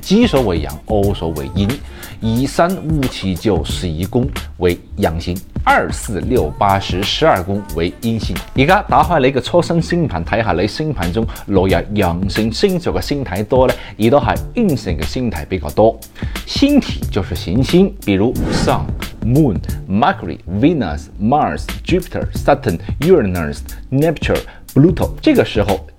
奇數為陽，偶數為陰，以一、三、五、七、九、十一宮為陽性，二、四、六、八、十、十二宮為陰性。而家打開你個初生星盤睇下，你星盤中落入陽性星座嘅星體多咧，亦都係陰性嘅星體比較多。星體就是行星，比如 Sun、Moon、Mercury、Venus、Mars、Jupiter、Saturn、Uranus、Neptune、Pluto。這個時候。